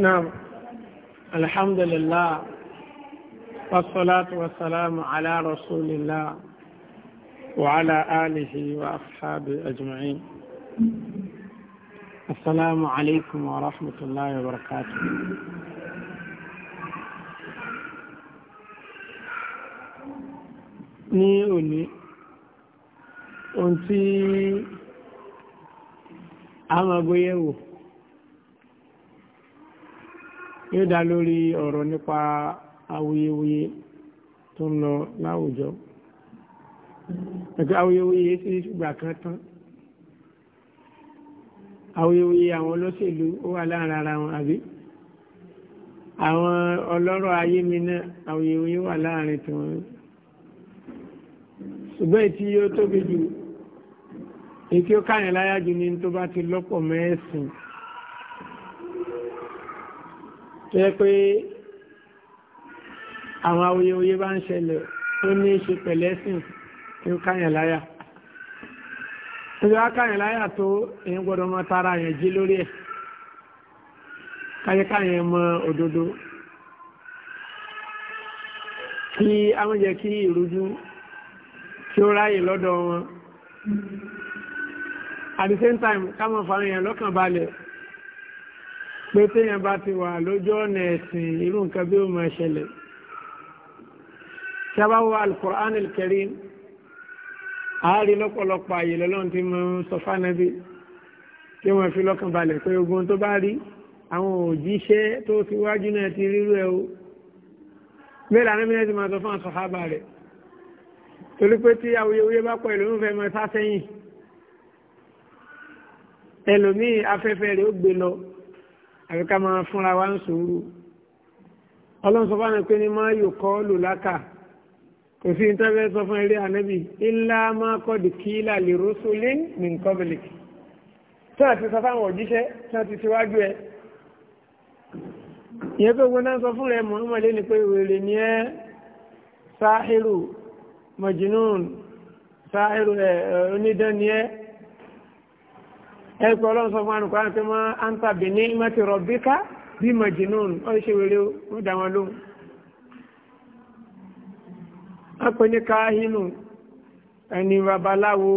نعم الحمد لله والصلاة والسلام على رسول الله وعلى آله وأصحابه أجمعين السلام عليكم ورحمة الله وبركاته ní òní ohun tí a máa gbé yẹ̀wò yóò dá lórí ọ̀rọ̀ nípa awuyewuye tó ń lọ láwùjọ ẹ̀kọ́ awuyewuye sí ìgbà kan tán awuyewuye àwọn olóṣèlú ó wà láàrin ara wọn àbí àwọn ọlọ́rọ̀ ayé mi náà awuyewuye wà láàrin tiwọn ṣùgbọ́n ètí yóò tóbi jù ètí ó káyàn láyájú ni tó bá ti lọ́pọ̀ mẹ́sìn tó yẹ pé àwọn awuyewuye bá ń ṣẹlẹ̀ tó ní ṣe pẹ̀lẹ́sìn tí ó káyàn láyà ìjọba káyàn láyà tó èyí gbọdọ̀ mọ tara yẹn jí lórí ẹ̀ káyẹkáyẹ mọ òdodo kí àwọn jẹ́ kí ìrújú tí ó ráyè lọ́dọ̀ wọn at the same time ká mọ̀ fàáyàn lọ́kàn balẹ̀ pé téèyàn bá ti wà lójú ọ̀nà ẹ̀sìn irú nǹkan bí ó máa ṣẹlẹ̀ tí a bá wá alukur'an al-karim àárín lọ́pọ̀lọpọ̀ àyè lọ́lọ́run ti mọ sọ fánàbí kí wọ́n fi lọ́kàn balẹ̀ pé ogun tó bá rí àwọn òjíṣẹ́ tó ti wájú náà ti rírú ẹ o bẹ́ẹ̀ lànà mìíràn ti máa sọ fún àsọ̀hábà rẹ̀ torí pé tí awuyewuye bá pọ̀ ẹlòmíì fẹ́ máa sá sẹ́yìn ẹlòmíì afẹ́fẹ́ rẹ̀ ó gbé lọ àbí ká máa fúnra wa ń sòwúrú ọlọ́run sọ fáwọn pé ní máa yò kọ́ lò láka kò sí ní tẹ́lẹ̀ sọ fún eré ànábì ńlá máa kọ́ di kíílà lè rọ́ṣọ́ lé ní nǹkan bẹ̀lẹ̀ tí wọ́n ti sọ fáwọn òjíṣẹ́ tí wọ́n ti síwájú ẹ̀ ìyẹn pé gbọ́dọ̀ sọ fún rẹ̀ Muhammad ní pé wèrè ni ẹ́ sáhírù mọ̀jìnnún sáhírù ẹ̀ onídán ni ẹ́ ẹ̀kọ́ ọlọ́run sọ fún ànùkọ́ àti mọ́ áńtà bìíní mẹ́tì rọ̀bíkà bí màjìnnún ó ṣe wèrè ó dá wọn lóhùn. a pè ní káhínù ẹni babaláwo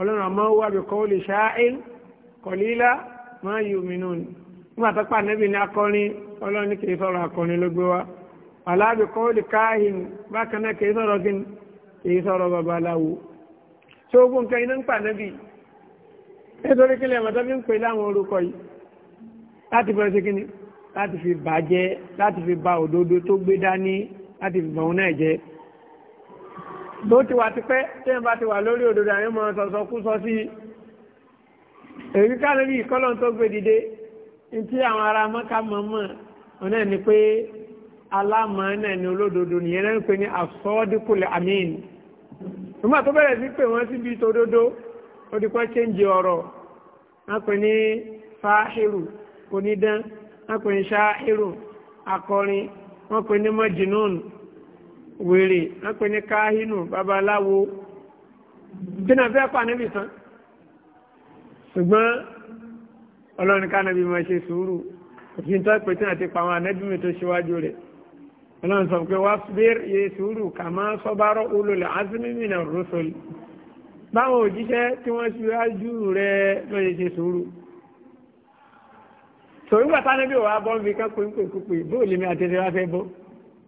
ọlọ́run àmọ́ wà bí kọ́ lè ṣááín kọ̀lílá máa yù mí nù nígbà tó pa níbi ní akọrin náà kì nítorí kílẹ̀ mọ̀tọ́ fi ń pè láwọn orúkọ yìí láti bọ́ sí kíní láti fi bàjẹ́ láti fi ba òdodo tó gbé dání láti fi bọ̀hún náà jẹ́ bó ti wà tipẹ́ tí ẹ̀ bá ti wà lórí òdodo àwọn ọmọ sọ̀sọ̀ kú sọ sí èyí káàlù bí ìkọ́lọ̀ tó gbé dìde ní àwọn ará mọ́ká mọ́mọ́ ọ̀nà ni pé alámọ̀ náà ni olódodo nìyẹn náà ń pè ní asọ́díkùlẹ̀ àmín nígbà tó sí pé wọ́n síbi tòdodo ó ti pẹ́ chéńjì ọ̀rọ̀ wọ́n pè ní fáhírù onídán wọ́n pè ní ṣáhírù akọrin wọ́n pè ní mọ́jìnún wèrè wọ́n pè ní káhínù babaláwo dínà fẹ́ pa níbi tán ṣùgbọ́n ọlọ́run ká nàbí máa ṣe sùúrù òfin tó pè tí wọ́n ti pa àwọn anábìmí tó ṣíwájú rẹ̀ ọlọ́run sọ pé wá bẹ́ẹ̀ yẹ sùúrù kà máa sọ́bárọ̀ ulul azmi minar rusul báwọn òjíṣẹ́ tí wọ́n ṣíwájú rẹ lọ́yẹ̀ ṣe sùúrù sòrí gbàtà níbi wà bọ́ nbí kan pín pín pín bó lèmi àtẹ̀lé wá fẹ́ bọ́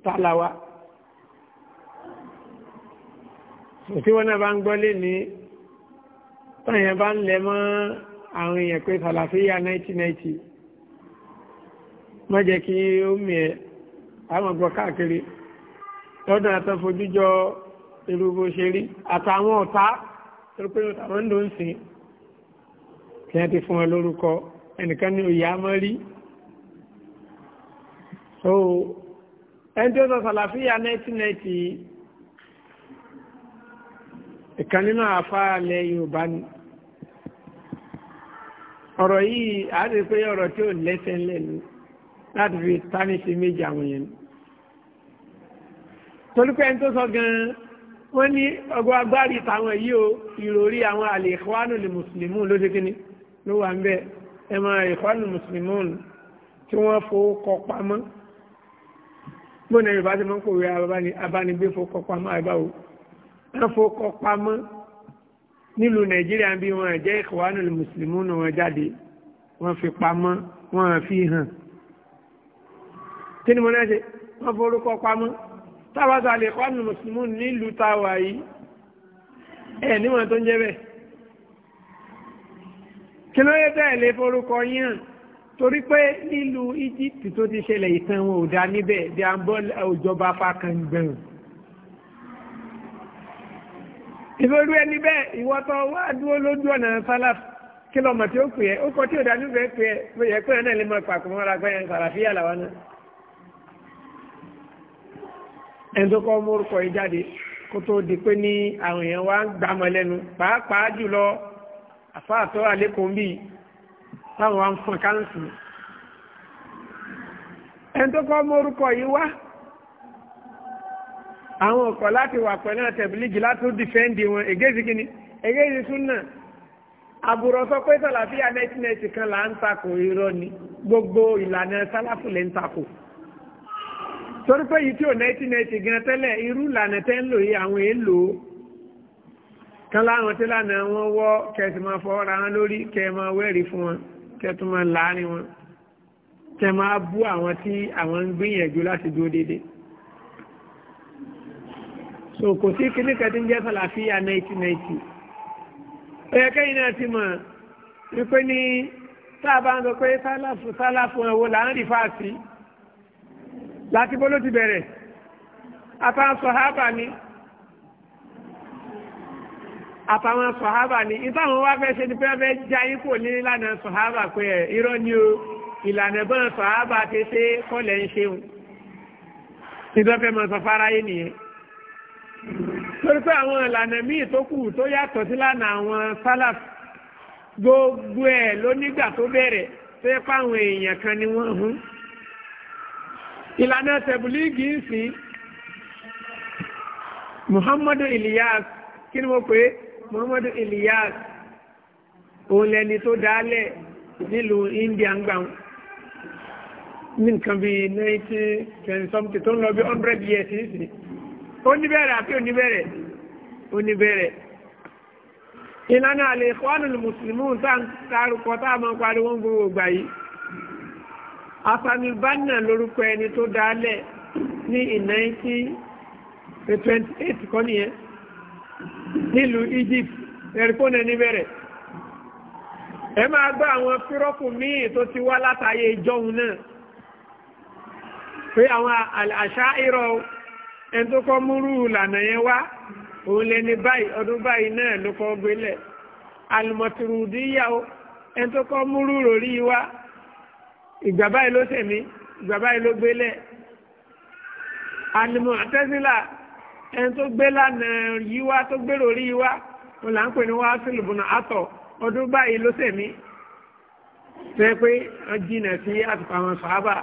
tààlà wa tí wọ́n náà bá ń gbọ́ lé ní tọ́yẹ̀ bá ń lẹ mọ́ àwọn èèyàn pé sàlàfíà 1990 má jẹ́ kí ó mì ẹ́ àwọn ọgbọ́n káàkiri lọ́dún àtọ́fojújọ irú bó ṣe rí àtàwọn ọ̀tá torípé àwọn ń lò ń sìn kí wọ́n ti fún wọn lórúkọ ẹnìkan ní òye amọ́rí so ẹni tí ó sọ sàlàfíà 1990 ìkan nínú àfáàlẹ̀ yorùbá ni ọ̀rọ̀ yìí àádìí pé ọ̀rọ̀ tí ó lẹ́sẹ̀ lẹ́nu láti fi tánìsí méjì àwọn yẹn torípé tó sọ gan-an wọ́n ní ọgbọ́n agbárí tàwọn yìí o ìròrí àwọn àlè ìkọ́wánù lè mùsùlùmù ló ṣe kíni ló wà ń bẹ ẹ mọ ìkọ́wánù mùsùlùmù tí wọ́n fowó kọ pamọ́ bó ní yorùbá ti máa ń kó wíra abánigbé fowó kọ pamọ́ àbáwò wọ́n fowó kọ pamọ́ nílùú nàìjíríà bí wọ́n jẹ́ ìkọ́wánù lè mùsùlùmù náà wọ́n jáde wọ́n fi pamọ́ wọ́n fi hàn kí ni mo náà ṣe wọ́n forúkọ pamọ́ sábàtà lè kọ́ ànù mùsùlùmí nílùú ta wà yìí ẹ̀ níwọ̀n tó ń jẹ́ bẹ́ẹ̀ kí ló yẹ bẹ́ẹ̀ lè forúkọ yín hàn torí pé nílùú Egypt tó ti ṣẹlẹ̀ ìtàn wọn ò dá níbẹ̀ bí a ń bọ́ òjọba fakàngbẹ̀rún ìfẹ́rú ẹni bẹ́ẹ̀ ìwọ́tọ̀ wá dúró lójú ọ̀nà sálàf kí lọ́mọ tí ó pè é ó kọ tí ò dá níbẹ̀ pè é pé ẹ̀ pé ẹ̀ náà lè máa pàkó mọ́ra pé sàràfíà làwọn náà. ẹni tó kọ́ mórúkọ yìí jáde kó tó di pé ní àwọn èèyàn wá ń gbàmọ̀ lẹ́nu pàápàá jùlọ àfáàtọ́ àlékún bíi táwọn wá ń fọn káńsì ẹni tó kọ́ mórúkọ yìí wá àwọn ọ̀kọ̀ láti wà pẹ̀lú àtẹ̀bílíjì láti ó dìfẹ́ǹdì wọn ègéjì kínní ègéjì súnà àbúrò sọ pé sọ̀làfíà nẹ́tínẹ́tì kan là ń takò irọ́ ni gbogbo ìlànà sálàfù lè ń takò torí pé yìí tí ò náìtì náìtì gan tẹ́lẹ̀ irú lànà tẹ́ ń lò yìí àwọn èèlò kan láwọn tí lànà wọn wọ́ kẹsì máa fọwọ́ ra wọn lórí kẹ máa wẹ́rìí fún wọn kẹ tún máa láàrin wọn kẹ máa bú àwọn tí àwọn ń gbìyànjú láti dúró déédéé so kò sí kíní kẹtí ń jẹ́ sàlàfíà náìtì náìtì ó yẹ kẹ́yìn náà ti mọ̀ wípé ní tá a bá ń sọ pé sálàfù sálàfù là ń rí fáàsì láti bó ló ti bẹ̀rẹ̀ àtàwọn sọ̀hábà ni àtàwọn sọ̀hábà ni ìtàwọn wá fẹ́ ṣe ni pé fẹ́ já yín kò ní ìlànà sọ̀hábà pé ẹ̀ irọ́ ni o ìlànà bọ́n sọ̀hábà ti ṣe kọ́lẹ̀ ń ṣeun ìdọ́fẹ́ mọ̀ sọ fara yé nìyẹn torí pé àwọn ìlànà míì tó kù tó yàtọ̀ sí lànà àwọn sálàf gbogbo ẹ̀ lónígbà tó bẹ̀rẹ̀ tó yẹ pé àwọn èèyàn kan ni wọ́n hun ìlànà tẹ̀bùlíìgì ń sìn muhammadu ilyas kí ni mo pè muhammadu ilyas òun lẹni tó dálẹ̀ nílùú india ń gbà wọn ní nǹkan bí 1920 something tó ń lọ bí 100 years nísìn oníbẹ̀rẹ̀ àti oníbẹ̀rẹ̀ oníbẹ̀rẹ̀ ìlànà àlè ìkọ́nù mùsùlùmí tá ń tarukọ tá a máa pariwo gbogbo ìgbà yìí Afami Banna lórúkọ ẹni tó dálẹ̀ ní ìnáyìntì twenty eight kọ́ nìyẹn nílùú Egypt ẹ̀rìkónẹ níbẹ̀rẹ̀ ẹ máa gbọ́ àwọn fírọ́pù míì tó ti wá látàyè ìjọun náà pé àwọn àṣà ìrọ̀ ẹni tó kọ́ múrú ìlànà yẹn wá òun lẹni báyìí ọdún báyìí náà ló kọ́ gbélẹ̀ alùmọ̀tìrùdíyàwó ẹni tó kọ́ múrú rò rí wá ìgbà báyìí ló sẹ̀mí ìgbà báyìí ló gbélẹ̀ ànìmọ̀ àtẹ́sílà ẹni tó gbé lánàá yí wá tó gbèrò rí yí wá wọn là ń pè ní wá sílùbùnà àtọ̀ ọdún báyìí ló sẹ̀mí tẹ́ pé jìnà sí àtùpà àwọn sàábà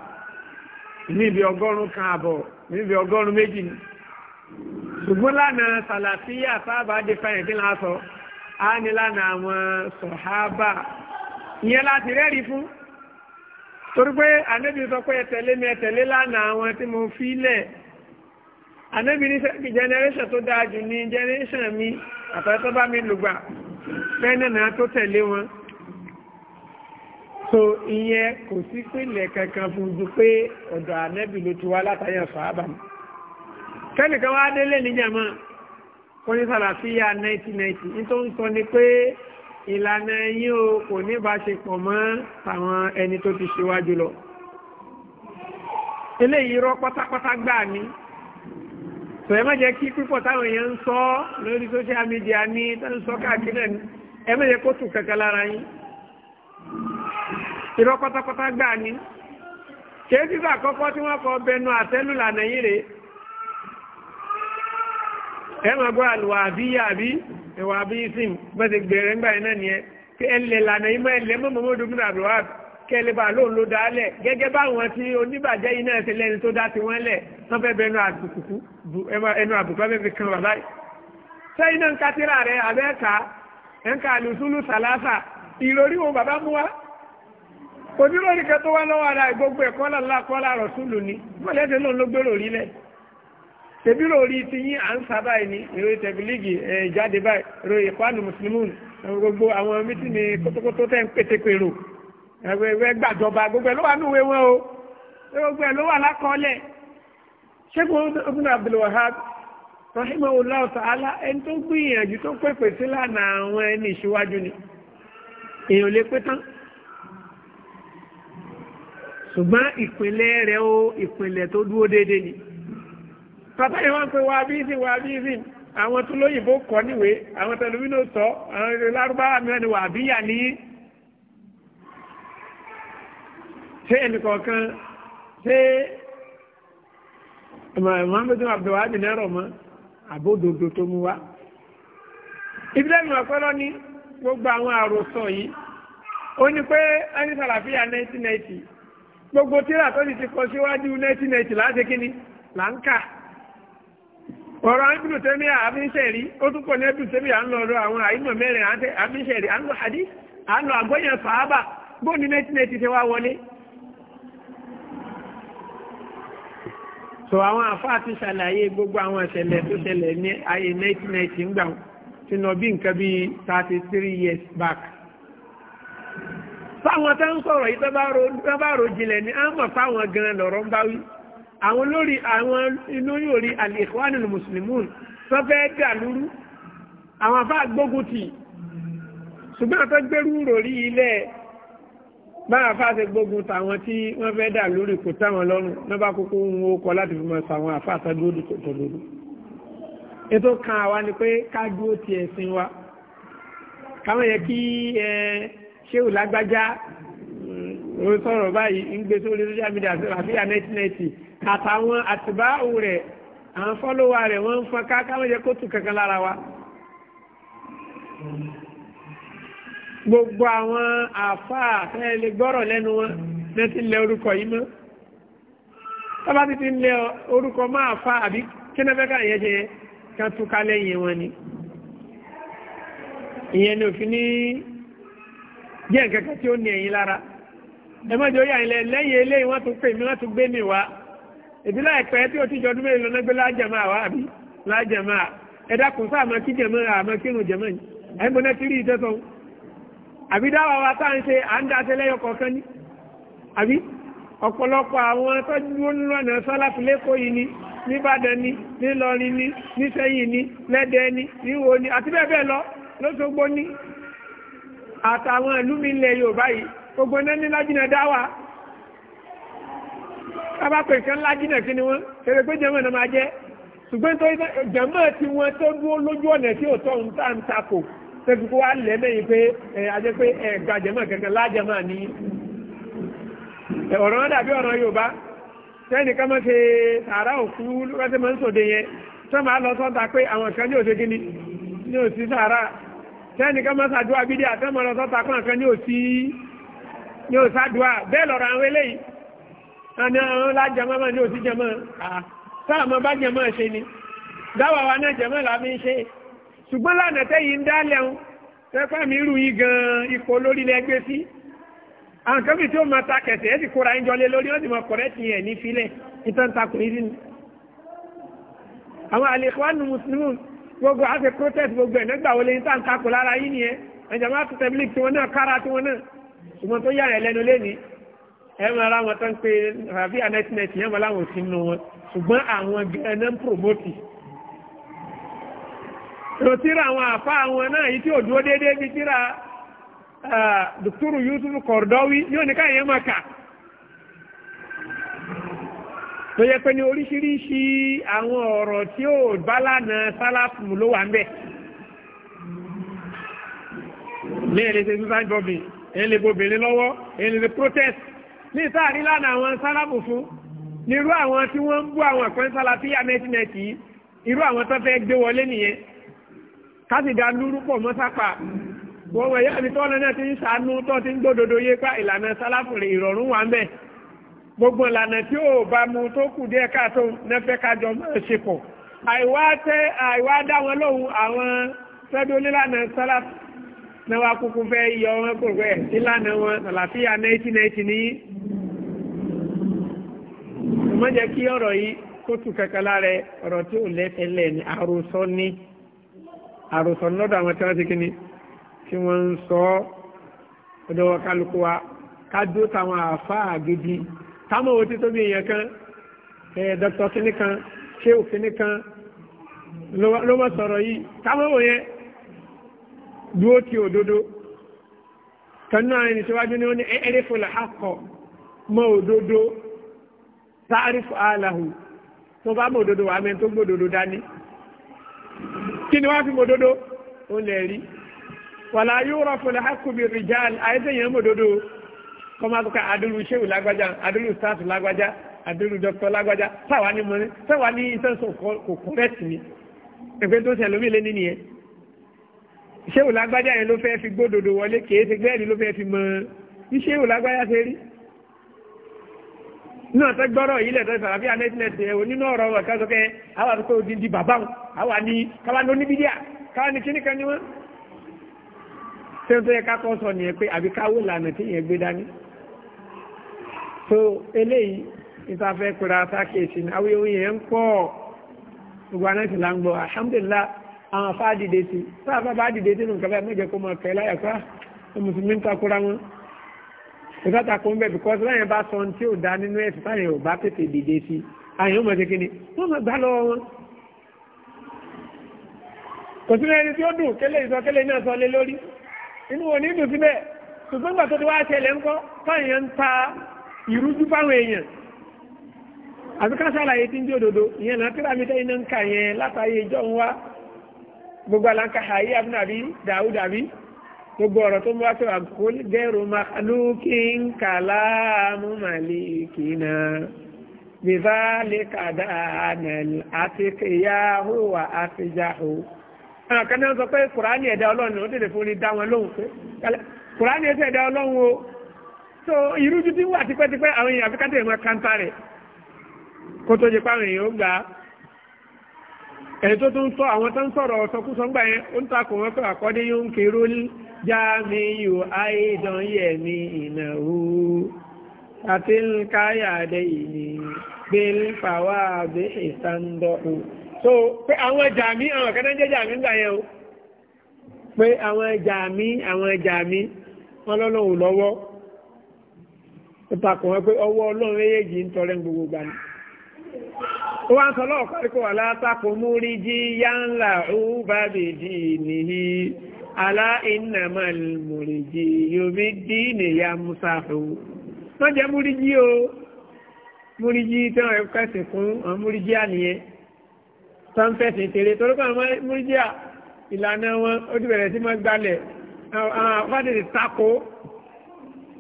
níbi ọgọ́rùn-ún kan àbọ̀ níbi ọgọ́rùn-ún méjì ni ṣùgbọ́n lánàá sàlàfíà sábà dé fẹ́yìn kí n lásọ á ní lánàá àwọn sọ̀hábà ìyẹn láti rẹ́rìí fún torí pé ànábì sọ pé ẹ̀tẹ̀lé mi ẹ̀tẹ̀lé lánàá àwọn tí mo fi lẹ̀ ànábì ní sẹ́kì generation tó dáa jù ní generation mi àtàtọ́ bá mi lùgbà fẹ́nàna tó tẹ̀lé wọn so ìyẹn kò sí pínlẹ̀ kankan fún ju pé ọ̀dọ̀ ànábì ló ti wá látàyàn sàábà mi kẹ́nìkan wá délé níjàmọ́ kọ́ni sàlàfíà 1990 nítorí sọ ni pé ìlànà yín o kò ní bá ṣe pọ̀ mọ́ àwọn ẹni tó ti ṣíwájú lọ eléyìí rọ pátápátá gbà ní tòun ẹ má jẹ́ kí púpọ̀ táwọn èèyàn ń sọ lórí social media ní tó ń sọ káàkiri ẹni ẹ má jẹ́ kó tù kankan lára yín irọ́ pátápátá gbà ní kéésì àkọ́kọ́ tí wọ́n kọ bẹnu àtẹ́lù lànà yín rèé ẹ má gbọ́ àlùwà àbí yà àbí ìwà abíyísìm bẹ́sẹ̀ gbẹ̀rẹ̀ ńgbà iná nìyẹn kí ẹ lè lànà ìmọ̀ ẹ lè mọ̀mọ́ mọ́dún náà rọ̀ áàbì kí ẹ lè bá lóun ló dá lẹ̀ gẹ́gẹ́ báwọn tí oníbàjẹ́ iná ẹsẹ̀ lẹ́ni tó dá ti wọ́n lẹ̀ wọ́n fẹ́ bẹnu àbùkù ẹnu àbùkù wọ́n fẹ́ fi kan bàbá yìí. sẹ́yìn náà ń ka tíra rẹ̀ abẹ́ ka ẹ̀ ń ka àlùsúlù sàlásà ìròrí wo bàbá mú wa oníròrí tẹ̀bí lórí ti yín à ń sa báyìí ní ìròyìn tẹ̀bílígì jáde báyìí ìròyìn ìpánu mùsùlùmí gbogbo àwọn mítìmí kótókótó tẹ̀ ń pétékèrò ẹgbẹ́ gbàjọba gbogbo ẹ̀ ló wà núwé wọn o gbogbo ẹ̀ ló wà lákọọ́lẹ̀ ṣẹ́gun ibn Abdul Wahab rahimahullah ta'ala ẹni tó gbìyànjú tó pèpè sí lànà àwọn ẹni ìṣíwájú ni èèyàn lè pé tán ṣùgbọ́n ìpínlẹ̀ rẹ̀ o ìpínlẹ̀ tó dúró déédéé ni pàtà ìwọ́n pé wà bí ìsìn wà bí ìsìn àwọn tó lóyìnbó kọ́ níwèé àwọn tẹlifíńdò sọ àwọn èrè lárúbáwá mìíràn ni wà bí yà ní. ṣé ẹnìkọ̀ọ̀kan ṣé Muhammadu Abdulwahabi nẹ́rọ̀ mọ́ àbódodo tó mú wá. ìbílẹ̀ mi ọ̀pẹ́lọ́ ní gbogbo àwọn àròsọ yìí ó ní pé ẹni sàlàfíà 1990 gbogbo tíra tó ti ti kọ síwájú 1990 láti kíni là ń kà. ọ̀rọ̀ ibùdó tẹ́mí àbíṣẹ̀rí ó tún pọ̀ ní ẹbùdó tẹ́mí à ń lọ ọ̀rọ̀ àwọn àìmọ̀ mẹ́rin àbíṣẹ̀rí à ń lọ àdí à ń lọ àgbọ́yàn fàábà wọlé so ti ṣàlàyé gbogbo àwọn ìṣẹ̀lẹ̀ tó ṣẹlẹ̀ ní 1990 tí bí nǹkan 33 years back fáwọn tẹ́ ń sọ̀rọ̀ yìí tó bá ro jinlẹ̀ fáwọn àwọn lórí àwọn olórí orí al-Ikhwanul Muslimun tó fẹ́ dà lúrú àwọn afá gbógun tì ṣùgbọ́n àtọ́ gbérú ròrí ilẹ̀ bára afá ṣe gbógun tàwọn tí wọ́n fẹ́ dà lórí kò táwọn lọ́rùn náà bá kókó ń wó láti fi mọ́ sàwọn afá òun sọ̀rọ̀ báyìí ń gbé sórí social media àfíà nẹ́tínẹ́tì àtàwọn àtìbáwò rẹ̀ àwọn fọ́lọ́wà rẹ̀ wọ́n ń fọn káàkàwọ́ jẹ́ kó kankan lára wa gbogbo àwọn àfáà fẹ́ẹ̀lẹ̀ gbọ́rọ̀ lẹ́nu wọn lẹ́tí lẹ orúkọ yìí mọ́ tọ́bá ti ti lẹ orúkọ máa fa àbí kínẹ́fẹ́kà yẹn jẹ kan túká lẹ́yìn wọn ni ìyẹn ni òfin ní jẹ́ nǹkan kan tí ó ní ẹ̀yìn lára ẹmọ́jọ yà ilẹ̀ lẹ́yìn eléyìí wọ́n tún pè mí wọ́n tún gbé mi wá ìdílé ẹ̀pẹ́ tí ó ti jọ ọdún mélòó lọ́nà gbé lájàmá wa àbí lájàmá ẹ̀dá kùn sáà máa kí jẹ̀mọ́ àmọ́ kírun jẹ̀mọ́ yìí ẹ̀gbọ́n náà ti rí ìtẹ́sọ̀ àbí dáwà wa tá à ń ṣe à ń dáṣẹ́ lẹ́yọ kọ̀ọ̀kan ní àbí ọ̀pọ̀lọpọ̀ àwọn tọ́jú ni nìbàdàn ni nílọrin ni ni lẹ́dẹ̀ ni níwò ni àti bẹ́ẹ̀ bẹ́ẹ̀ lọ lóṣogbo àtàwọn ìlú mi ilẹ̀ Yorùbá yìí gbogbo iná ní lájínà dáwà kábà pè kán lájínà kí ni wọ́n kéré pé jẹ́mọ̀ náà máa jẹ́ ṣùgbọ́n tó jẹ́mọ̀ tí wọ́n tó dúró lójú ọ̀nà tí ò tọ́ ń tà ń takò tẹ́sí kó wá lẹ́ mẹ́yìn pé ajẹ́ pé ẹ̀gbà jẹ́mọ̀ kankan lájẹ́mọ̀ ní ọ̀rọ̀ wọn dàbí ọ̀rọ̀ Yorùbá sẹ́ni ká mọ́ ṣe tààrà òkú ni ní òsì sàárà sẹ́ni ká mọ́ ṣàdúrà bídí àtẹ́mọ́ lọ sọ́ta pé àwọn kan ní Ni o sádùá bẹ́ẹ̀ lọ́rọ̀ àwọn eléyìí àni àwọn lájàmọ́ máa ní o sí jẹmọ́ sáàmọ́ bá jẹmọ́ ṣe ni dáwà wa náà jẹmọ́ làbí ṣe ṣùgbọ́n lánà tẹ́yìn dá lẹ́hun pẹ́pẹ́ mi rú yí gan ipò lórí lẹ́gbẹ́ sí àwọn kan bí tí ó máa ta kẹsẹ̀ ẹ́ sì kóra ń jọlé lórí wọ́n sì máa kọ̀rẹ́ ẹ̀ ní filẹ̀ ìtàn takùn yìí àwọn àlèkọ́nù protest gbogbo ẹ̀ nígbà wọlé ní tàǹtakùn lára yìí nìyẹn ẹ̀jẹ̀ máa tẹ̀lé ṣùgbọ́n tó yára ẹlẹ́nu lẹ́ni ẹ máa ra wọn tán pé àbí anẹ́tínẹ́tì yẹn máa láwọn ò sí nínú wọn ṣùgbọ́n àwọn ẹ̀nà ń promote rotira àwọn àfa àwọn náà yìí tí ò dúró déédéé bíi tíra dùkúrú Yusuf Kordowi yóò ní káyọ̀ máa kà tó yẹ pé ní oríṣiríṣi àwọn ọ̀rọ̀ tí ó bálànà sálàfù ló wà ń bẹ̀. ní ẹ̀lẹ́sẹ̀ susan bobby èyí lè bobìnrin lọ́wọ́ èyí lè protest ní ìtaàrí lánàá àwọn sálábù fún nírú àwọn tí wọ́n ń bú àwọn àpẹ́ sálàfíà mẹ́tìmẹ́tì yìí irú àwọn tó fẹ́ gbé wọlé nìyẹn kásìdá lúrú pọ̀ mọ́ sápà wọ́n wọ̀ yára tó lọ́nà tí ń sànú tó ti ń gbódodo yé pa ìlànà sáláfùrì ìrọ̀rùn wà ń bẹ̀ gbogbo ìlànà tí ò bá mu tó kù díẹ̀ káàtó nẹ́fẹ́ kájọ máa ṣe náà wá kúkú fẹ́ yọ wọn kò rẹ̀ ìlànà wọn àlàáfíà 1990 ní ìmọ́jẹ́ kí ọ̀rọ̀ yìí kó tù kẹ́kẹ́ lára ọ̀rọ̀ tí ò lẹ́tẹ̀lẹ̀ ní àròsọ ní àròsọ lọ́dọ̀ àwọn tí wọ́n ti kí ni tí wọ́n ń sọ ọdọ́wọ́ kálukú wa kájú táwọn àáfàá gidi táwọn owó tí tóbi èèyàn kan dr kínní kan ṣé òkínní kan ló mọ̀ sọ̀rọ̀ yìí táwọn òyìn dúó ti òdodo kanú àwọn ẹni síwájú ni ó ní ẹ̀ẹ́rẹ́ fòlà akọ mọ́ òdodo sáàrífù aláhù tó bá mọ́ òdodo wà mẹ́rin tó gbódodo dání kí ni wá fi mọ́ òdodo ó lẹ̀ rí wàlá yóò rọ fòlà akọ bí rìjáàl àìsèyàn mọ́ òdodo kọ́ máa kọ́kọ́ adúlù ṣéwù lágbájá adúlù sáàtù ẹgbẹ́ tó ṣẹlómi lé nínú yẹn ṣéwù lágbájá yẹn ló fẹ́ fi gbódòdó wọlé kìí ṣe gbẹ́ẹ̀lì ló fẹ́ fi mọ bí ṣéwù lágbájá ṣe rí náà tẹ́ gbọ́rọ̀ yìí lẹ́tọ́ ìsàlàfíà nẹ́tínẹ́tì ẹ̀ onínú ọ̀rọ̀ wọn kan sọ pé àwa àti pé odindi bàbá wọn àwa ni káwa ní oníbídíà káwa ní kíní kan ni wọn. ṣé n tó yẹ ká kọ́ sọ nìyẹn pé àbí káwó lànà tí yẹn gbé dání. so eléyìí ìtafẹ́ pèrè àtàkì ìsìn awuyewuye ń pọ̀ gbogbo anáìsìn là ń gbọ́ alhamdulillah àwọn afá dìde sí sáàfá bá dìde sí nǹkan bá mẹ́jẹ kó máa kẹ́ láyà pé ah, mùsùlùmí ń takora wọn ìfẹ́ takò ń bẹ̀ bìkọ́sí láyẹn bá sọ tí ò dá nínú ẹ̀sìn táyẹn ò bá tètè dìde sí àyẹ̀wò mọ̀ sí kíni wọ́n mọ̀ gbá lọ́wọ́ wọn. kò sí lẹ́ni tí ó dùn kélé ìsọ kélé náà sọ lé lórí inú wọn ní dùn síbẹ̀ ṣùgbọ́n gbà tó ti wá ṣẹlẹ̀ ńkọ́ táyẹn ń ta ìrújú fáwọn èèyàn àbíká sàlàyé tí ń dí òdòdó ìyẹn náà tíramítẹ́ iná ń kà yẹn látàyè ìjọ ń wá gbogbo aláǹkà ayé abúnàbí Dawu bí gbogbo ọ̀rọ̀ tó ń bá tó àkókò gẹ́rù makalúkín kàlámù màlìkìnà bíbá lè kàdá ànàlì àti kìyàhó wà àti jàhó. àwọn kan náà sọ pé kùránì ẹ̀dá ọlọ́run ó tètè fún ní dá wọn lóhùn pé kùránì ẹ̀sẹ̀ ẹ̀dá ọlọ́run o so ìrújú tí wà tipẹ́tipẹ́ àwọn èèyàn àfikàtẹ̀ ìmọ̀ kanta rẹ̀ kó tó jẹ́ pàwọn èèyàn ó gbà á ẹni tó tún tọ́ àwọn tó ń sọ̀rọ̀ ọ̀sọ̀kúsọ̀ngbà yẹn ó ń takò wọn pé àkọ́dé yóò ń kéró ní jáàmì yóò áìdán yẹ̀mí ìnáwó àti ń káyàdé ìní bí ń fàwà bí ìsàndọ̀kù so pé àwọn jàmí àwọn kan náà jẹ́ jàmí gbà yẹn o pé àwọn jàmí àwọn jàmí wọn lọ́lọ́run lọ́wọ́ ó takò wọn pé ọwọ́ ọlọ́run méjèèjì ń tọrẹ gbogbo gbà ni ó wá ń sọ lọ́ọ̀kọ́ ikú wà látàkù mú rí jí yá ńlá ó bá bèjì nìyí alá iná máa mú rí jí yomi dí nìyá musáfù wọ́n jẹ́ mú jí o mú jí tí wọ́n fẹ́sìn fún àwọn mú jí àníyẹn tó ń fẹ́sìn tèrè torí pé àwọn mú jí à ìlànà wọn ó ti bẹ̀rẹ̀ sí máa gbalẹ̀ àwọn fàdèrè tako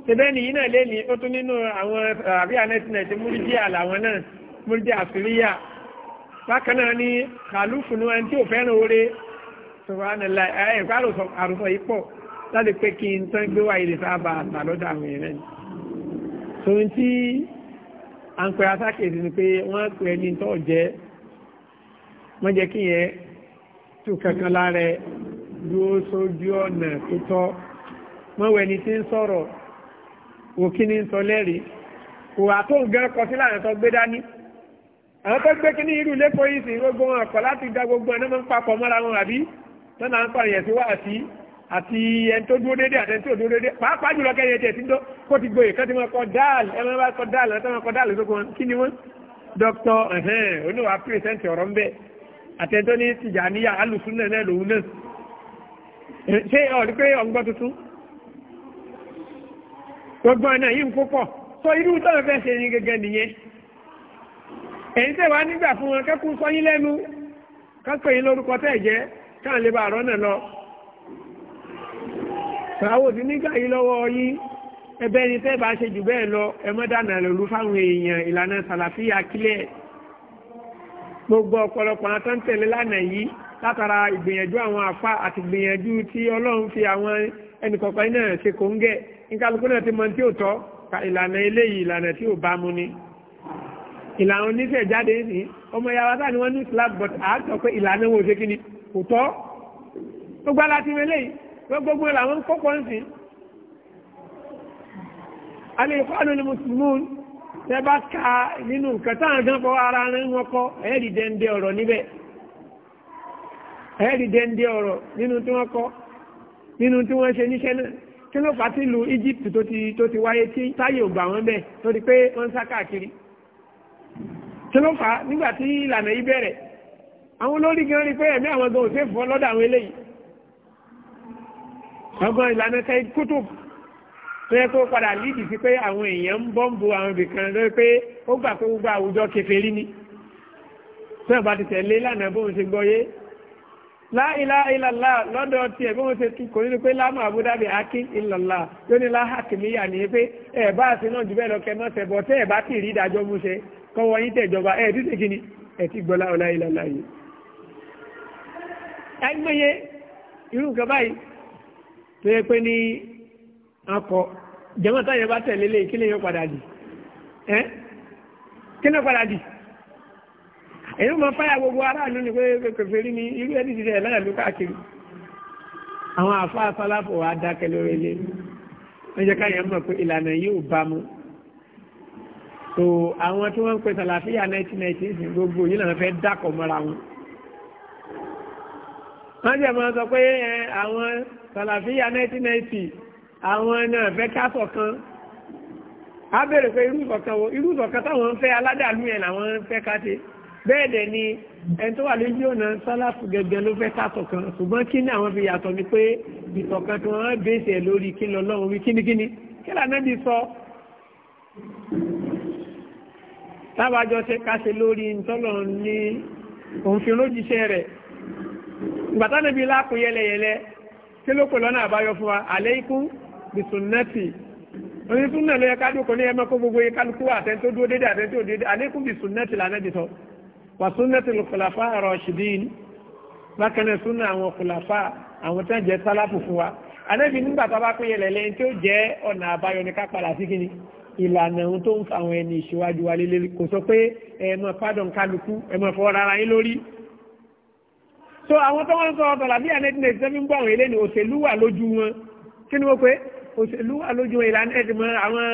ṣẹbẹ́ nìyí náà lé ní ó tún nínú àwọn àbí ànẹ́tìnẹ̀tì mú jí à làwọn náà múrídìí àfìríyà bákan náà ní kàlùfù ní ẹni tí ò fẹ́ràn oore sọ̀rọ̀ánàlá ẹ̀kọ́ àròsọ yìí pọ̀ láti pé kí n tán gbé wáyé lè sábà àgbà lọ́dọ̀ àwọn èèyàn rẹ̀ tòun tí à ń pẹ́ asákèsí ni pé wọ́n pè ní tó jẹ́ wọ́n jẹ́ kí yẹn tó kankan lára dúró sójú ọ̀nà tó tọ́ wọ́n wẹ̀ ní tí ń sọ̀rọ̀ òkí ní ń sọ lẹ́rìí kò wà tó ń gẹ́ kọsí tó gbé dání àwọn tó gbé kíní irú lẹ́kọ̀ọ́ yìí sí gbogbo wọn àkọ́ láti da gbogbo ẹ̀ máa ń papọ̀ mọ́ra wọn àbí tó ń pa ìyẹ̀sí wá àti àti ẹni tó dúró déédéé àti ẹni tó dúró déédéé pàápàá jùlọ kẹ́yẹ tiẹ̀ tí ń tó kó ti gboyè kán ti máa kọ dáàlì ẹ máa kọ dáàlì ẹ máa kọ dáàlì sókò wọn kí ni wọn. dókítọ̀ oníwà pírẹsẹ̀ntì ọ̀rọ̀ ń bẹ àtẹ̀tọ́ ní tìjàníyà alùsùn náà lòun náà ṣé ọ̀rí pé ọ̀gbọ́n tuntun gbogbo ẹ̀ ẹ̀yin tẹ́ wá nígbà fún wọn kẹ́kùn sọ yín lẹ́nu kápẹ́ yín lórúkọ tẹ́ jẹ́ káà lè bá àrọ́ náà lọ. sàáwò sí nígbà yìí lọ́wọ́ yín ẹbẹ́ ni tẹ́ bá ṣe jù bẹ́ẹ̀ lọ ẹ mọ́ dànà lòlú fáwọn èèyàn ìlànà sàlàfíà kílẹ̀ gbogbo ọ̀pọ̀lọpọ̀ àtọ́ntẹ̀lẹ́ lánàá yìí látara ìgbìyànjú àwọn àfa àti ìgbìyànjú tí ọlọ́run fi àwọn ẹnìkọ̀ọ̀kan náà ṣe kò ń gẹ̀ níkàlùkù náà ti mọ tí ò tọ́ ìlànà eléyìí ìlànà tí ò bá mu ni ìlànà oníṣẹ́ jáde ní ọmọ ìyá wa ni wọ́n ní islam but à á sọ pé ìlànà wo ṣe kí ni kò tọ́ gbogbo aláti mele yìí gbogbo làwọn kọ́kọ́ ń sìn alẹ́ ìkọ́ àlọ́ ni mùsùlùmí tẹ́ bá ka nínú nǹkan táwọn gan fọ́ ara rẹ̀ wọn kọ́ ẹ̀ẹ́dì dẹ́ndé ọ̀rọ̀ níbẹ̀ ẹ̀ẹ́dì dẹ́ndé ọ̀rọ̀ nínú tí wọ́n kọ́ nínú tí wọ́n ṣe níṣẹ́ náà kí ló fà á ti lu Egypt tó ti wáyé tí táyé ò gbà bẹ́ẹ̀ torí pé wọ́n ń sá káàkiri kí ló fà á nígbà tí ìlànà yìí bẹ̀rẹ̀ àwọn olórí gan rí pé ẹ̀mí àwọn gan òṣèlú fún ọlọ́dà àwọn eléyìí ọgbọ́n ìlànà Said Kutub tó yẹ kó padà lídì sí pé àwọn èèyàn ń bọ́ǹbù àwọn ibìkan lórí pé ó gbà pé gbogbo àwùjọ kèfèrí ni tí wọ́n bá ti tẹ̀lé lánàá bóun ṣe gbọ́yé La ilaha illallah lọ́dọ̀ tí ẹ̀bí wọn ṣe kò nínú pé lámà àbúdábì akí ìlàlá yóò ní láhàkì níyà ní a ẹ̀bá àti náà jù bẹ́ẹ̀ lọ kẹmọ́ tẹ̀bọ̀ tẹ́ ẹ̀bá kì rí ìdájọ́ mú ṣe kọwọ́ yí tẹ̀jọba ẹ̀ tí tẹ́kì ni ẹ̀ tí gbọ́lá ọlá ìlàlá yìí ẹgbẹ́yẹ irú nǹkan báyìí tó yẹ pé ní akọ jẹmọ́ta yẹn bá tẹ̀lé lé kí lèyàn padà dì ẹ́ kí lèyàn padà dì èyí máa fáyà gbogbo aráàlú ni pé kẹfẹ́ rí ni irú ẹni ti tẹ̀ láyà ló káàkiri àwọn àfa asálàfọ̀ wa dákẹ́ lórí ilé wọ́n jẹ́ káyọ̀ mọ̀ pé ìlànà yóò bá mu so àwọn tí wọ́n ń pè sàlàfíà 1990 sí gbogbo yìí lọ́nà fẹ́ dákọ̀ mọ́ra wọn wọ́n jẹ́ máa sọ pé àwọn sàlàfíà 1990 àwọn náà fẹ́ kásọ̀ kan a bèèrè pé irúsọ̀kan wo irúsọ̀kan táwọn fẹ́ aládàlú yẹn làwọn fẹ́ káte bẹ́ẹ̀ dẹ̀ ni ẹni tó wà lójú ọ̀nà sálàfù gẹ́gẹ́ ló fẹ́ kásọ̀ kan ṣùgbọ́n kí ni àwọn fi yàtọ̀ ni pé ìṣọ̀kan tí wọ́n bèèṣẹ̀ lórí kí lọ́lọ́run wí kíníkíní kí lànà bí sọ tábàjọ́ ṣe káṣe lórí ntọ́lọ̀ ní òǹfin lójíṣẹ́ rẹ̀ gbàtánàbí lákùn yẹlẹyẹlẹ kí ló pè lọ́nà àbáyọ fún wa àléékún bìsùnnẹ́tì oní tún náà ló yẹ kádùkọ ní ẹmọ kó gbogbo kálukú àtẹ́ntó dúró dédé àtẹ́ntó dédé àléékún bìsùnnẹ́tì lànà bìtọ wà súnnẹ́tì lùkùlàfà rọ̀ṣìdín bákan náà súnnà àwọn kùlàfà àwọn tẹ́ jẹ́ sálàpù fún wa àlébì nígbà tá a bá ká ìlànà ohun tó ń fa àwọn ẹni ìṣíwájú wa lé kò sọ pé ẹ mọ pardon kálukú ẹ mọ fọwọ́ rárá yín lórí. so àwọn tó wọ́n ń sọ ọ̀tọ̀ làbí ànẹ́tì náà ìṣẹ́ fi ń bọ̀ àwọn eléyìí òṣèlú wà lójú wọn kí ni wọ́n pé òṣèlú wà lójú wọn ìlànà ẹ̀dì mọ àwọn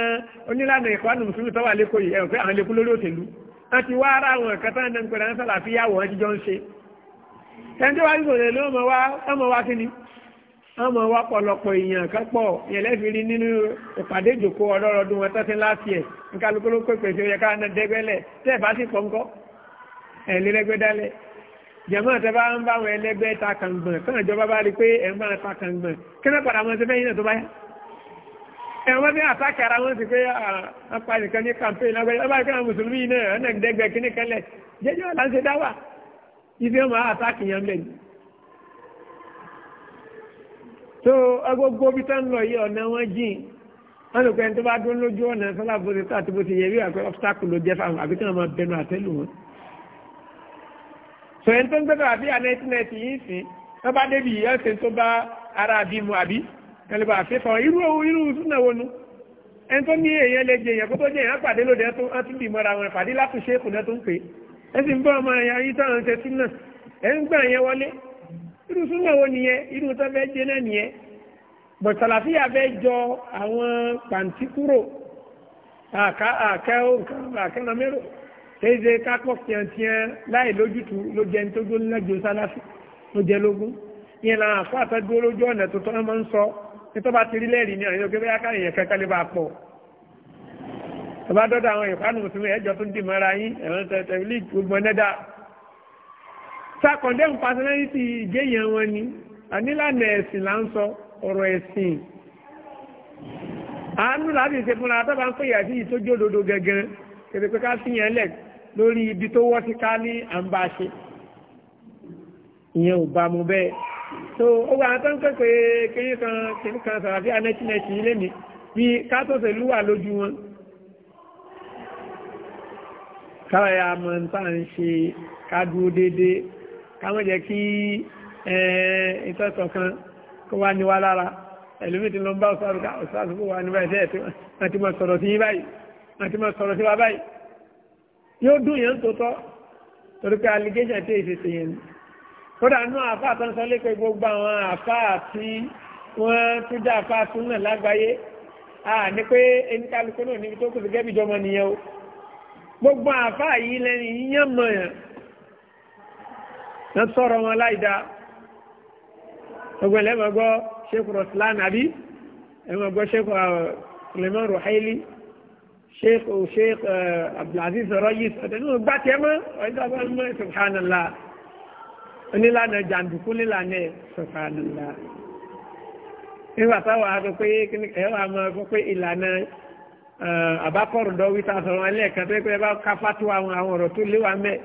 onílànà ìkọ́nù mùsùlùmí tó wà lẹ́kọ̀ọ́ yìí ẹ̀ pé àwọn lẹ́kọ̀ọ́ lórí òṣèlú wọn ti wá ara àwọn kẹta náà ń pẹ̀lú àmọ́ wá pọ̀lọpọ̀ èèyàn kápọ̀ yẹlẹ́fìrí nínú ìpàdé ìjòkó ọlọ́rọ̀dún wọn tọ́sí láti ẹ̀ nkálukú ló pèpè sí oyè káwọn dẹ́gbẹ́lẹ̀ tẹ́ ẹ̀ bá sì pọ̀nkọ́ ẹ̀ lélẹ́gbẹ́ dálẹ̀ jẹ̀mọ́ tẹ́ bá ń bá àwọn ẹlẹ́gbẹ́ ta kàngbọ̀n káwọn ìjọba bá rí pé ẹ̀ ń bá ta kàngbọ̀n kí náà padà wọn ti fẹ́ yín náà tó bá yá ẹ̀wọ́n bí àtàkì ara wọn sì pé apá nìkan ní campaign lágbẹ́jọ́ ọba ìkànnì mùsùlùmí náà ọ̀nà ìdẹ́gbẹ́ kíníkẹ́lẹ̀ jẹ́jọ́ là ń tó agbógbó bí tá ń lọ yìí ọ̀nà wọn jìn wọn lò pé ẹni tó bá dún lójú ọ̀nà sọ́lá bó ti tó àti bó ti yẹ bí wà pé obstacle ló jẹ́ fáwọn àbí kí wọ́n máa bẹnu àtẹ́lù wọn. sọ ẹni tó ń gbẹ́dọ̀ àbí ànẹ́tínẹ́tì yìí sìn wọ́n bá débi yìí ọ̀sẹ̀ tó bá ara àbí mu àbí kẹlẹ́ bá irú irú súnà wo nu ẹni tó ní èèyàn lè jẹ èèyàn kó tó jẹ èèyàn pàdé irú súnà wo nìyẹn irú tó fẹ́ jẹ náà nìyẹn bọ̀ sàlàfíà fẹ́ jọ àwọn pàǹtí kúrò àkẹ́wò àkẹ́nàmẹ́rò kéde kápọ̀ tiẹ̀tiẹ̀ láì lójútu ló jẹ́ nítorí lẹ́jọ́ sálàfí ló jẹ́ lógún ìyẹn làwọn àfọ àtẹ́dúró lójú ọ̀nà tó tọ́ máa ń sọ nítorí bá ti rí lẹ́rìí ní àyẹ̀wò kébé yáká èèyàn kẹ́kẹ́ lè bá a pọ̀ tọ́ba dọ́dọ̀ àwọn ìfànù tó ń dì mọ́ra yín ẹ̀wọ̀n tẹ̀lé gbogbo ẹ̀nẹ́dà sa condemn personality ìgéyàn wọn ni ànílànà ẹ̀sìn là ń sọ ọ̀rọ̀ ẹ̀sìn àánú láti ṣe fúnra tó bá ń pè yàtí ìtójú òdodo gẹ́gẹ́ kébé pé ká fìyàn lẹ̀ lórí ibi tó wọ́ sí ká ní à ìyẹn ò bá mu bẹ́ẹ̀ so ó wà tó ń pè pé kéyìn kan kéyìn kan sàràfí anẹ́tínẹ́tì ilé mi bí ká tó ṣe lúwà lójú wọn káwáyà mọ̀ ń ń ṣe ká dúró déédéé káwọn jẹ́ kí ìtọ́sọ̀ kan kó wá ní wá lára ẹ̀lúmí ti lọ bá ọ̀sáàrùká ọ̀sáàrùkú wà ní báyìí wọ́n ti mọ̀ sọ̀rọ̀ sí báyìí wọ́n ti mọ̀ sọ̀rọ̀ sí wa báyìí yóò dùn yẹn tó tọ́ torí pé allegation tí èsì ti yẹn ni kódà nú àfa àtọ́nsọ́ lé pé gbogbo àwọn àfa àti yìí lẹ́ni yíyàn mọ̀ yàn wọ́n sọ̀rọ̀ wọn láìda ọgbẹ̀lẹ̀ ẹ̀mọ̀ gbọ́ sheikh roslan àbí ẹ̀mọ̀ gbọ́ sheikh uh, suleiman ruhaili sheikh uh, sheikh uh, abdulaziz rayis ọ̀tẹ̀ni wọn gbá tiẹ̀ mọ́ ọ̀yẹ́dá bá mọ́ subhanallah onílànà jàǹdùkú nílànà subhanallah nígbà táwọn àti pé ẹ̀wà mọ́ fún pé ìlànà àbákọ̀rọ̀dọ̀ wíta sọ̀rọ̀ alẹ́ kan tó yẹ pé ẹ bá ká fatuwa àwọn ọ̀rọ̀ tó léwà mẹ́ẹ̀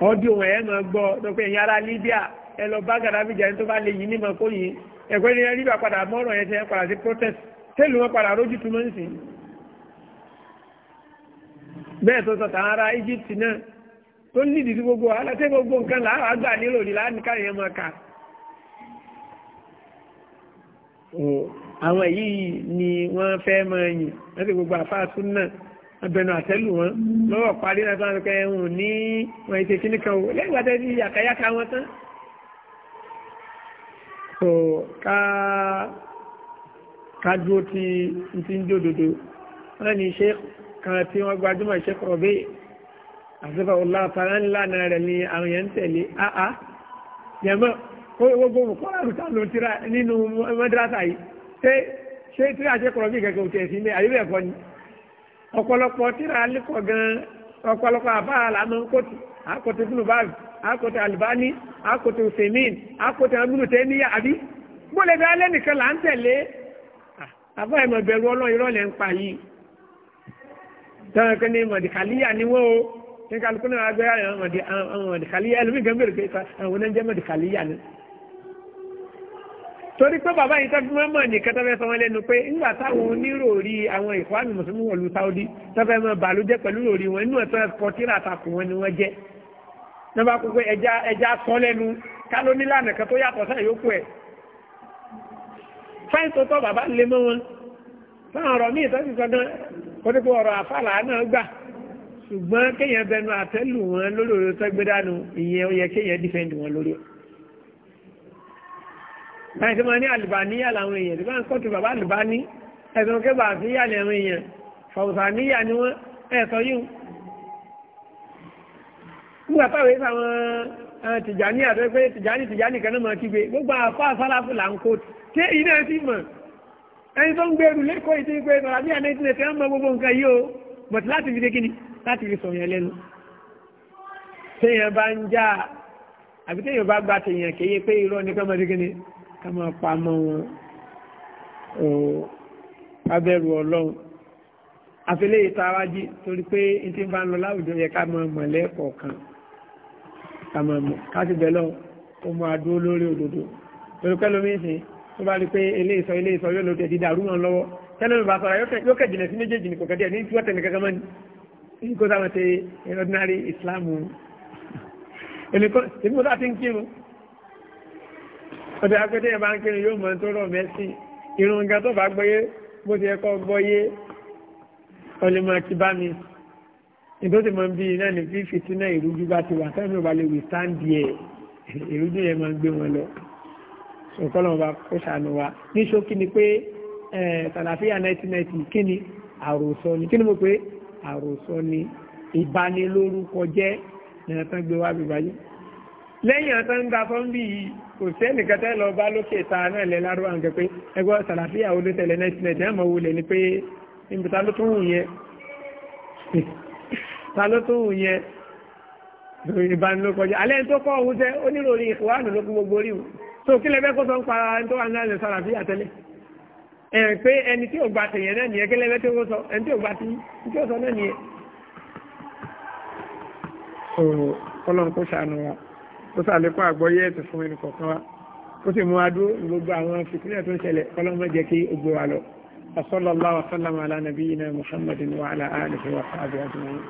ọdí òun ẹ̀ máa gbọ́ lọ́pẹ́ ẹ̀yìn ara Libya ẹ lọ bá Gaddafi jà ní tó bá lè yìí ní màkó yìí ẹ̀kọ́ ní Libya padà mọ́rọ̀ yẹn tẹ́ padà sí protest tẹ́lù wọn padà rójú túmọ̀ ń sìn. bẹ́ẹ̀ tó sọ tàn ara Egypt náà tó ní ìdí sí gbogbo alátẹ́ gbogbo nǹkan làwọn àgbà nílò ní láàníkà yẹn máa kà. àwọn yìí ni wọ́n fẹ́ máa yìn wọ́n ti gbogbo àfáà náà abẹnu àtẹ́lù wọn lọ́wọ́ parí láti wọn kẹ́ wọn ní wọn ètè kíní kan wò lẹ́yìn ìgbàdé ní àkàyàkà wọn tán. so ká ká dúró ti ti ń jó dodo wọn ní iṣẹ́ kan tí wọ́n gbajúmọ̀ iṣẹ́ kọ̀rọ̀ bẹ́ẹ̀ àṣìfà ọ̀la àtàrà ńlá náà rẹ̀ ni àwọn yẹn ń tẹ̀lé áá yẹmọ́ gbogbo olùkọ́lá rùtà ló tira nínú mọ́dúrásà yìí ṣé ṣé tí àṣẹ kọ̀rọ̀ bẹ́ẹ̀ kẹ̀kẹ́ òtẹ̀ sí mi àyè bẹ́ẹ̀ kọ́ ni ọ̀pọ̀lọpọ̀ tíra alẹ́kọ̀ọ́ gan-an ọ̀pọ̀lọpọ̀ àbá àlámọ́ kóòtù àkótó bùnúbáàgì àkótó àlùbáni àkótó fèmín àkótó àmúlù tẹ́níyà àbí bólè bí alẹ́ nìkan là ń tẹ̀lé ah, àbá ìmọ̀ ìbẹ̀rù ọlọ́run ìrọ̀lẹ́ ń pa yìí tọ́wọ́n kan ní mọ̀dìkàlíyà ni wọ́n o ní kálukú náà agbẹ́rẹ́ àwọn mọ̀dìkàlíyà ẹlòmíì gan bèrè pé àwọn oníjẹ́ mọ̀dìkàlíyà ni torí pé bàbá yìí tọ́jú mọ́mọ́ nìkan tó fẹ́ sọ wọn lẹ́nu pé ńgbà táwọn oníròrí àwọn ìfọ́nù mùsùlùmí wọ̀lú Saudi tó fẹ́ mọ́ bàlújẹ́ pẹ̀lú ròrí wọn inú ẹ̀tọ́ ẹ̀kọ́ tíra àtàkùn wọn ni wọ́n jẹ́ nígbà pípé ẹja ẹja sọ lẹ́nu káló nílànà kan tó yàtọ̀ sáà yókù ẹ̀. fáìn tó tọ́ bàbá lé mọ́ wọn fáwọn ọ̀rọ̀ míì tọ́jú sọdán kótópó ọ̀rọ̀ àfàlà náà gbà ṣùgbọ́n kéèyàn bẹnu àtẹ́lù wọn lórí òrò tẹ́gbẹ́dánù ìyẹn ó yẹ kéèyàn dìfẹ́ǹdì wọn lórí ẹ̀ báyìí tí wọ́n ní àlùbáníyà làwọn èèyàn tí wọ́n kọ́ tó bàbá àlùbání ẹ̀sùn kébà sí yà ní àwọn èèyàn fàwùsàníyà ni wọ́n ẹ̀sọ́ yìí nígbà táwọn èèyàn àwọn tìjání àtọ́ pé tìjání tìjání kan náà máa kígbe gbogbo àfáà sáláfù là ń kó tí iná sí mọ̀ ẹni tó ń gbèrú lẹ́kọ̀ọ́ ìdí pé tàbí àná ìtìlẹ̀ tí wọ́n mọ gbogbo nǹkan yìí o bọ̀tí láti fi dé kíni láti fi sọ̀yàn lẹ́nu téèyàn bá ń já àbí téèyàn bá gba téèyàn kéye pé irọ́ nìkan mọ́ ká máa pa mọ́ wọn abẹ́rù ọlọ́run àfẹ́lẹ́ ìtawájí torí pé n ti bá ń lọ láwùjọ yẹ ká máa mọ̀ lẹ́ẹ̀kọ̀ọ̀kan ká máa mọ̀ ká sì bẹ̀ lọ́wọ́ ó máa dúró lórí òdodo torí pẹ́ lómi ìsìn tó bá rí pé ilé ìsọ ilé ìsọ yóò lò tẹ̀ dídà rúmọ̀ lọ́wọ́ tẹ́lẹ̀ mi bá sọ̀rọ̀ yóò kẹ̀ jìnà sí méjèèjì ní kòkòtì ẹ̀ ní tí wọ́n tẹ̀lé kankan mọ́ni ní kó sáwọn ṣe ordinary Islam ẹni kó sáà ti ń kírun ọ̀dọ̀ agbẹ́tẹ́ yẹn bá ń kírun yóò mọ̀ tó rọ̀ mẹ́sìn irun nǹkan tó bá gbọ́yé bó ti ẹ̀kọ́ gbọ́yé ọlẹ́mọ̀ ti bá mi nítorí mọ̀ bí iná ní fífi tí ìrújú bá ti wà sẹ́mi wà lè wì sáǹdì ẹ̀ ìrújú yẹn máa ń gbé wọn lọ ṣùkọ́lọ́wọ́ bá kó ṣàánú wa ní ṣókí ni pé sàlàfíà 1990 kí ni àròsọ ni kí ni mo pé àròsọ ni ìbanilórúkọ jẹ́ nìyẹn gbé wá bíbáyé lẹ́yìn ọ̀tọ́ ń gba fọ́n bí i kò sí ẹnìkan tẹ́ lọ bá lókè ta náà lẹ́ lárúbá nǹkan pé ẹgbẹ́ sàlàfíà olóṣèlè nẹ́tìnẹ̀tì náà mọ̀ wulẹ̀ ni pé níbi ta ló tún wù yẹn ta ló tún wù yẹn ìbánilókọjá alẹ́ tó kọ́ òun jẹ́ oníròrí ìwádùn ló kún gbogbo rí o tó kílẹ̀ bẹ́ẹ̀ kó sọ ń pa tó wà ní àlẹ́ sàlàfíà tẹ́lẹ̀ pé ẹni tí ò gba tèèyàn náà nìyẹn kílẹ̀ bẹ́ẹ̀ tí ò gba tí náà nìyẹn kó sàlékún àgbọ́yé ẹ̀sìn fún ẹnì kọ̀ọ̀kan wa kó sì mú adó gbogbo àwọn fìpínlẹ̀ tó ń ṣẹlẹ̀ kọ́lọ́mọ jẹ́ kí ó gbé wa lọ. وصلى الله وسلم على نبينا محمد وعلى آله وصحبه أجمعين